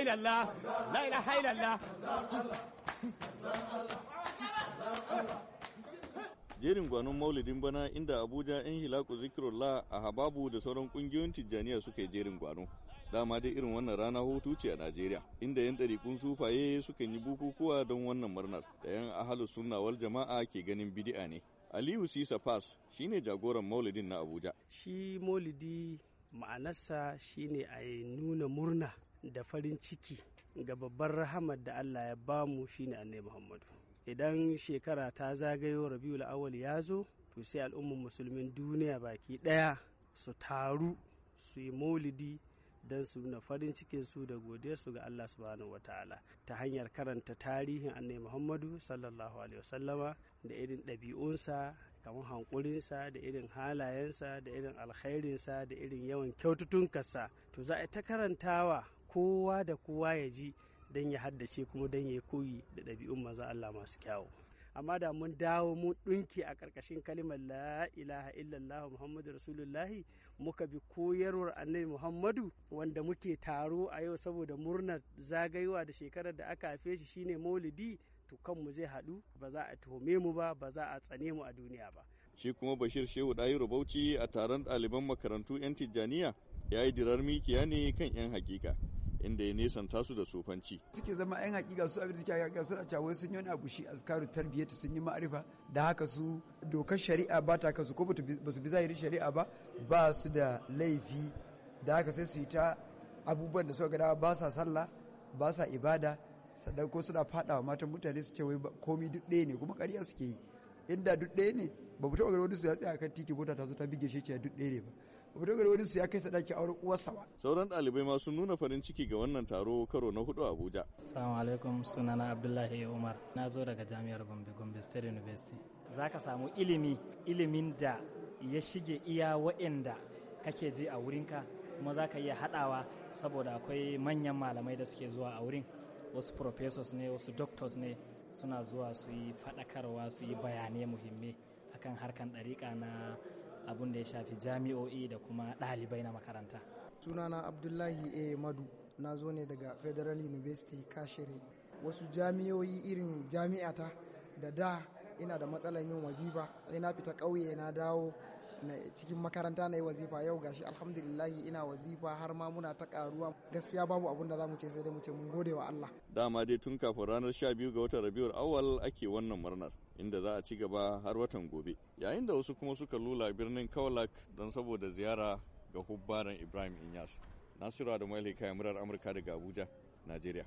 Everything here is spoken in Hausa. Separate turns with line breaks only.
illallah la ilaha illallah
jerin gwanon maulidin bana inda abuja yan hilaku zikirullah a hababu da sauran kungiyoyin tijjaniya suka yi jerin gwano dama dai irin wannan rana hutu ce a najeriya inda yan ɗarikun sufaye suka yi bukukuwa don wannan murnar da yan ahalu sunna wal jama'a ke ganin bidi'a ne aliyu sisa pass shine jagoran maulidin na abuja
shi maulidi ma'anarsa shine a nuna murna da farin ciki ga babbar rahamar da Allah ya bamu shine annabi Muhammadu idan shekara ta zagayo Rabiul Awwal ya zo to sai al'ummar musulmin duniya baki ɗaya su taru su yi maulidi don su nuna farin cikin su da godiyarsu ga Allah subhanahu wataala ta hanyar karanta tarihin annabi Muhammadu sallallahu alaihi wasallama da irin ɗabi'unsa kamar hankulinsa da irin halayensa da irin alkhairinsa da irin yawan kyaututunkarsa to za a ta karantawa kowa da kowa ya ji don ya haddace kuma don ya yi koyi da ɗabi'un maza Allah masu kyawu amma da mun dawo mun ɗunki a ƙarƙashin kalimar la ilaha illallah muhammadu rasulullahi muka bi koyarwar annabi muhammadu wanda muke taro a yau saboda murnar zagayowa da shekarar da aka haife shi shine maulidi to kanmu zai haɗu ba za a tuhume mu ba ba za a tsane mu a duniya ba
shi kuma bashir shehu ɗayiru rubauci a taron ɗaliban makarantu 'yan tijjaniya ya yi dirar mikiya ne kan 'yan hakika inda ya nisan su da sofanci.
Suke zama 'yan hakika su abin da suke hakika suna cewa sun yi wani abu shi askaru sun yi ma'arifa da haka su dokar shari'a ba ta kasu ko ba su bi zahirin shari'a ba ba su da laifi da haka sai su yi ta abubuwan da suka gada ba sa sallah ba sa ibada sannan ko suna faɗawa matan mutane su ce wai komi duk ɗaya ne kuma ƙarya suke yi. inda duk ɗaya ne ba fito taɓa wani su ya tsaya kan titi mota ta zo ta bige shi ce duk ɗaya ne ba ba fito gari wani su ya kai sadaki auren uwarsa ba
sauran ɗalibai ma sun nuna farin ciki ga wannan taro karo na hudu Abuja
salamu alaikum sunana Abdullahi Umar na zo daga jami'ar Gombe Gombe State University za ka samu ilimi ilimin da ya shige iya wa'inda kake je a wurinka kuma za ka iya haɗawa saboda akwai manyan malamai da suke zuwa a wurin wasu professors ne wasu doctors ne suna zuwa su yi faɗakarwa su yi bayanai muhimmi akan harkan ɗariƙa na abun da ya shafi jami'o'i da kuma ɗalibai na makaranta.
sunana abdullahi a madu na zo ne daga federal university kashere wasu jami'o'i irin jami'ata da da ina da matsalan yin waziba sai na fita ƙauye na dawo cikin makaranta na yi wazifa yau gashi alhamdulillahi ina wazifa har ma muna ta karuwa gaskiya babu abun da za mu ce sai dai mu ce mun gode wa Allah
dama dai tun kafin ranar 12 ga watan Rabiul Awwal ake wannan murnar inda za a ci gaba har watan gobe yayin da wasu kuma suka lula birnin Kaulak don saboda ziyara ga hubbaran Ibrahim Inyas Nasiru Adamu Ali kayan murar Amurka daga Abuja Najeriya